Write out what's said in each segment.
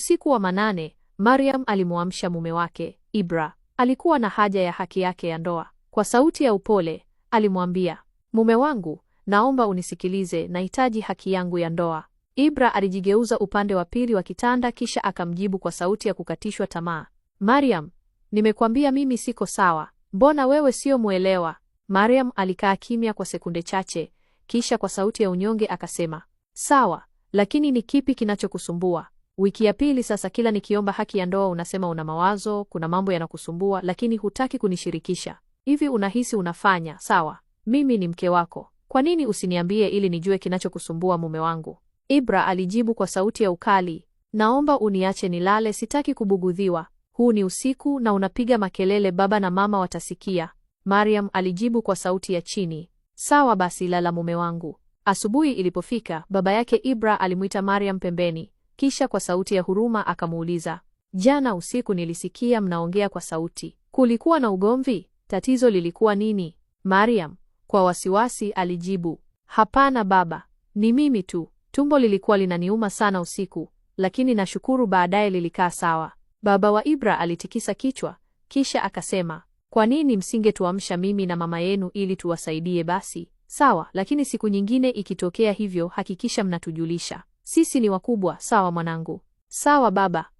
Usiku wa manane, Mariam alimwamsha mume wake Ibra. Alikuwa na haja ya haki yake ya ndoa. Kwa sauti ya upole alimwambia, mume wangu, naomba unisikilize, nahitaji haki yangu ya ndoa. Ibra alijigeuza upande wa pili wa kitanda, kisha akamjibu kwa sauti ya kukatishwa tamaa, Mariam, nimekwambia mimi siko sawa, mbona wewe sio mwelewa? Mariam alikaa kimya kwa sekunde chache, kisha kwa sauti ya unyonge akasema, sawa, lakini ni kipi kinachokusumbua? Wiki ya pili sasa, kila nikiomba haki ya ndoa unasema una mawazo, kuna mambo yanakusumbua, lakini hutaki kunishirikisha. Hivi unahisi unafanya sawa? Mimi ni mke wako, kwa nini usiniambie ili nijue kinachokusumbua mume wangu? Ibra alijibu kwa sauti ya ukali, naomba uniache nilale, sitaki kubugudhiwa. Huu ni usiku na unapiga makelele, baba na mama watasikia. Mariam alijibu kwa sauti ya chini, sawa basi, lala mume wangu. Asubuhi ilipofika, baba yake Ibra alimwita Mariam pembeni. Kisha kwa sauti ya huruma akamuuliza, jana usiku nilisikia mnaongea kwa sauti, kulikuwa na ugomvi? Tatizo lilikuwa nini? Mariam kwa wasiwasi alijibu, hapana baba, ni mimi tu, tumbo lilikuwa linaniuma sana usiku, lakini nashukuru baadaye lilikaa sawa. Baba wa Ibra alitikisa kichwa, kisha akasema, kwa nini msingetuamsha mimi na mama yenu ili tuwasaidie basi? Sawa, lakini siku nyingine ikitokea hivyo, hakikisha mnatujulisha. Sisi ni wakubwa, sawa mwanangu. Sawa baba,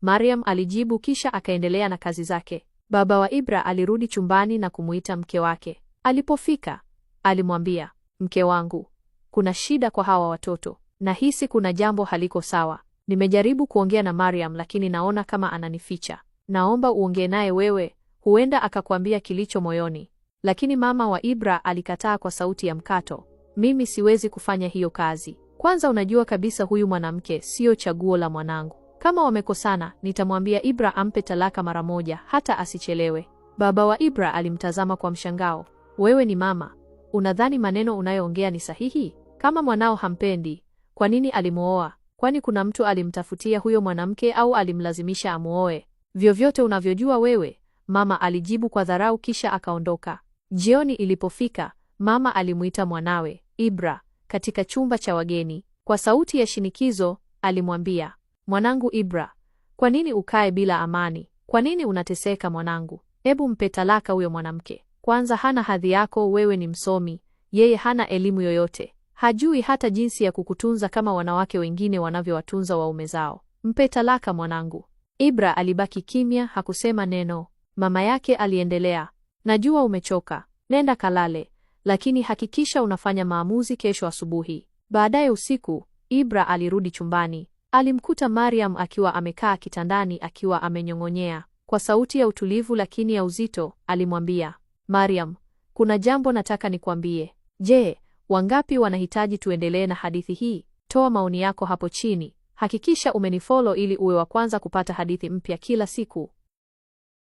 Mariam alijibu, kisha akaendelea na kazi zake. Baba wa Ibra alirudi chumbani na kumuita mke wake. Alipofika alimwambia, mke wangu, kuna shida kwa hawa watoto, nahisi kuna jambo haliko sawa. Nimejaribu kuongea na Mariam, lakini naona kama ananificha. Naomba uongee naye wewe, huenda akakwambia kilicho moyoni. Lakini mama wa Ibra alikataa kwa sauti ya mkato, mimi siwezi kufanya hiyo kazi. Kwanza unajua kabisa huyu mwanamke sio chaguo la mwanangu. Kama wamekosana, nitamwambia Ibra ampe talaka mara moja, hata asichelewe. Baba wa Ibra alimtazama kwa mshangao. Wewe ni mama, unadhani maneno unayoongea ni sahihi? Kama mwanao hampendi, kwa nini alimwoa? Kwani kuna mtu alimtafutia huyo mwanamke au alimlazimisha amwoe? Vyovyote unavyojua wewe, mama alijibu kwa dharau, kisha akaondoka. Jioni ilipofika, mama alimuita mwanawe Ibra katika chumba cha wageni. Kwa sauti ya shinikizo alimwambia, mwanangu Ibra, kwa nini ukae bila amani? Kwa nini unateseka mwanangu? Hebu mpe talaka huyo mwanamke kwanza. Hana hadhi yako, wewe ni msomi, yeye hana elimu yoyote, hajui hata jinsi ya kukutunza kama wanawake wengine wanavyowatunza waume zao. Mpe talaka mwanangu. Ibra alibaki kimya, hakusema neno. Mama yake aliendelea, najua umechoka, nenda kalale, lakini hakikisha unafanya maamuzi kesho asubuhi. Baadaye usiku, Ibra alirudi chumbani. Alimkuta Mariam akiwa amekaa kitandani akiwa amenyong'onyea. Kwa sauti ya utulivu lakini ya uzito, alimwambia Mariam, kuna jambo nataka nikuambie Je, wangapi wanahitaji tuendelee na hadithi hii? Toa maoni yako hapo chini. Hakikisha umenifollow ili uwe wa kwanza kupata hadithi mpya kila siku.